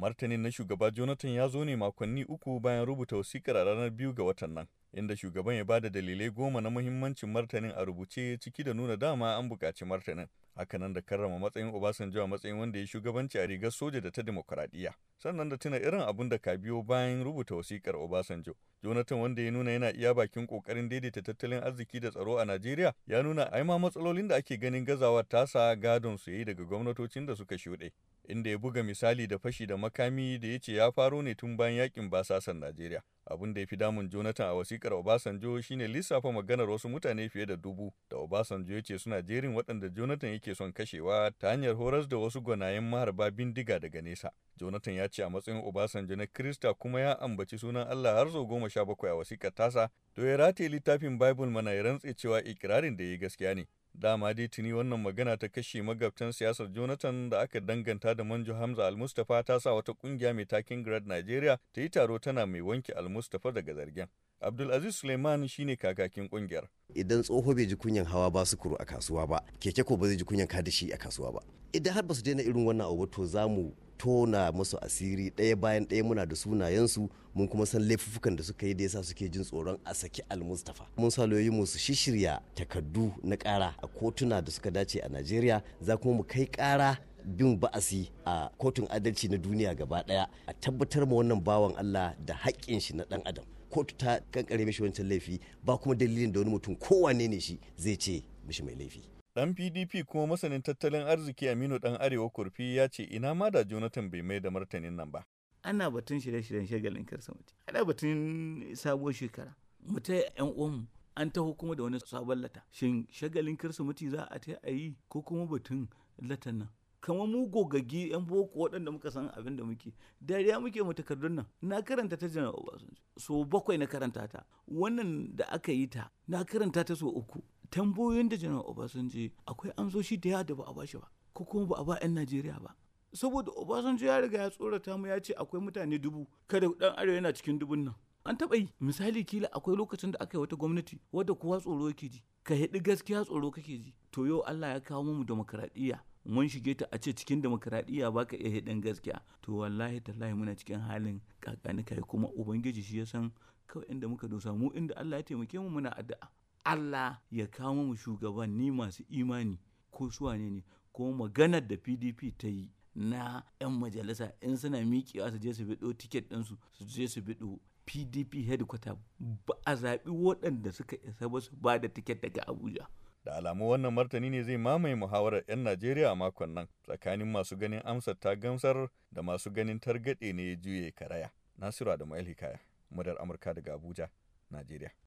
Martanin na shugaba Jonathan ya zo ne makonni uku bayan rubuta wasikar a ranar biyu ga watan nan. inda shugaban ya bada dalilai goma na muhimmancin martanin a rubuce ciki da nuna dama an buƙaci martanin hakanan da karrama matsayin Obasanjo a matsayin wanda ya shugabanci a rigar soja da ta demokuraɗiyya. Sannan da tuna irin abun da ka biyo bayan rubuta wasikar Obasanjo. Jonathan wanda ya nuna yana iya bakin kokarin daidaita tattalin arziki da tsaro a Najeriya ya nuna ai ma matsalolin da ake ganin gazawar tasa gadon su yi daga gwamnatocin da suka shuɗe. Inda ya buga misali da fashi da makami da ya ce ya faro ne tun bayan yakin basasan Najeriya. abin da ya fi damun jonathan a wasikar obasanjo shine lissafa maganar wasu mutane fiye da dubu da obasanjo ya ce suna jerin waɗanda jonathan yake son kashewa ta hanyar horas da wasu gwanayen maharba bindiga daga nesa jonathan ya ce a matsayin obasanjo na krista kuma ya ambaci sunan allah har sau goma sha bakwai a wasikar tasa to ya rataye littafin bible mana ya rantse cewa ikirarin da ya yi gaskiya ne Dama dai tuni wannan magana ta kashe magabtan siyasar Jonathan da aka danganta da Manjo Hamza al ta sa wata kungiya mai takin Grad Nigeria ta yi taro tana mai wanke Al-Mustapha daga zargen. Abdulaziz Suleiman shine kakakin kungiyar. Idan tsoho bai ji kunyan hawa ba su kuru a kasuwa ba, keke ko ba zai ji kunyan kadashi a kasuwa ba. Idan har ba su daina irin wannan abu to za mu tona musu asiri ɗaya bayan ɗaya muna da sunayensu mun kuma san laifuffukan da suka yi da yasa suke jin tsoron a saki almustafa mun sa mu su shishirya takardu na ƙara a kotuna da suka dace a najeriya za kuma mu kai ƙara bin ba'asi a kotun adalci na duniya gaba ɗaya a tabbatar ma wannan bawan allah da haƙƙin shi na ɗan adam kotu ta kankare mishi wancan laifi ba kuma dalilin da wani mutum kowane ne shi zai ce mishi mai laifi Ɗan PDP kuma masanin tattalin arziki Aminu Ɗan Arewa Kurfi ya ce ina ma da Jonathan bai mai da martanin nan ba. Ana batun shirye-shiryen shagalin Kirsimeti. Ana batun sabuwar shekara. Mu ta 'yan uwanmu an taho kuma da wani sabon lata. Shin shagalin Kirsimeti za a ta yi ko kuma batun latan nan? kamar mu gogaggi yan boko waɗanda muka san abin da muke dariya muke mu takardun nan na karanta ta janar obasanjo so bakwai na karanta ta wannan da aka yi ta na karanta ta sau uku tambayoyin da janar obasanji akwai amsoshi da yawa da ba a bashi ba ko kuma ba a ba 'yan najeriya ba saboda obasanjo ya riga ya tsorata mu ya ce akwai mutane dubu kada dan arewa yana cikin dubun nan an taba yi misali kila akwai lokacin da aka yi wata gwamnati wadda kowa tsoro yake ji ka haɗi gaskiya tsoro kake ji to yau allah ya kawo mu demokaradiyya mun shige ta a ce cikin demokaradiyya ba ka iya haɗin gaskiya to wallahi tallahi muna cikin halin kakani kuma ubangiji shi ya san kawai inda muka dosa mu inda allah ya taimake mu muna addu'a Allah ya kawo mu shugabanni masu imani ko su wane ne ko maganar da PDP ta yi na 'yan majalisa in suna miƙewa su je su biɗo tiket ɗinsu su je su biɗo PDP headquarter ba a zaɓi waɗanda suka isa ba su ba da tiket daga Abuja. da alamu wannan martani ne zai mamaye muhawarar 'yan Najeriya a makon nan tsakanin masu ganin amsar ta gamsar da masu ganin targaɗe ne ya juye karaya. Nasiru Adamu Hikaya, madar Amurka daga Abuja, Najeriya.